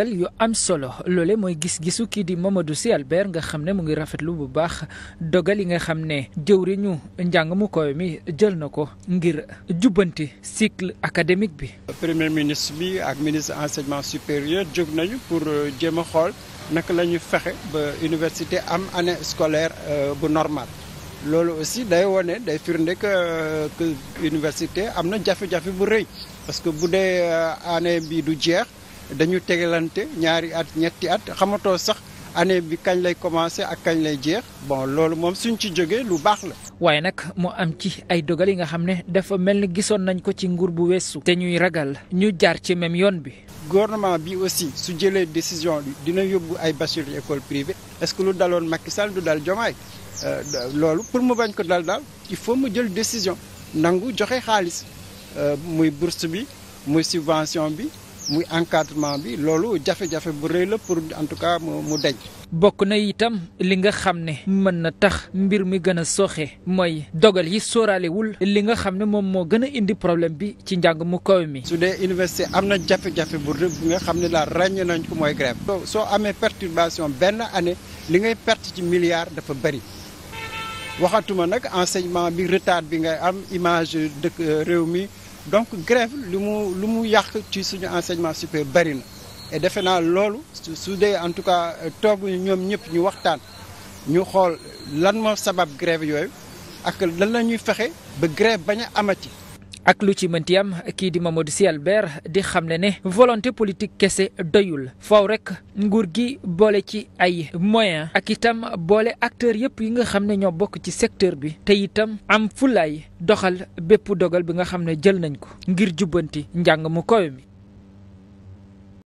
yu am solo loole mooy gis-gisu kii di Mamadou Sy Albert nga xam ne mu ngi rafetlu bu baax dogal yi nga xam ne jëwriñu njàng mu kaw mi jël na ko ngir jubbanti cycle académique bi. premier ministre bi ak ministre enseignement supérieur jóg nañu pour euh, jéem a xool naka la ñu fexe ba université am année scolaire euh, bu normal loolu aussi day wone day firnde que euh, que université am na jafe-jafe bu rëy parce que bu dee année bi du jeex. dañu tegalante ñaari at ñetti at xamatoo sax année bi kañ lay commencé ak kañ lay jeex bon loolu moom suñ ci jógee lu baax la. waaye nag mu am ci ay dogal yi nga xam ne dafa mel ni gisoon nañ ko ci nguur bu weesu. te ñuy ragal ñu jaar ci même yoon bi. gouvernement bi aussi su jëlee décision bi dina yóbbu ay bachelier école privée est-ce que lu daloon Macky Sall du dal Diomaye euh, loolu pour mu bañ ko dal daal il faut mu jël décision nangu joxe xaalis euh, muy bourse bi muy subvention bi. muy encadrement bi loolu jafe-jafe bu rëy la pour en tout cas mu mu daj. bokk na itam li nga xam ne mën na tax mbir mi gën a sooxe mooy dogal yi soralewul li nga xam ne moom moo gën a indi problème bi ci njàng mu kaw mi. su dee université am na jafe-jafe bu rëy bu nga xam ne la ràññee nañ ko mooy grève. soo amee perturbation benn année li ngay perte ci milliard dafa bëri. waxatuma nag enseignement bi retard bi ngay am image dëkk euh, réew mi. donc grève li mu lu mu yàq ci suñu enseignement supérieur bari na defe naa loolu su dee en tout cas euh, toog ñoom ñëpp ñu waxtaan ñu xool lan moo sabab grève yooyu ak lan la ñuy fexe ba grève bañ a amati ak lu ci mënti am kii di Mamadou Sy Albert di xam ne volonté politique kese doyul faaw rek nguur gi boole ci ay moyen ak itam boole acteurs yëpp yi nga xam ne ñoo bokk ci secteur bi tey itam am fulaay doxal bépp dogal bi nga xam ne jël nañ ko ngir jubbanti njàng mu koy mi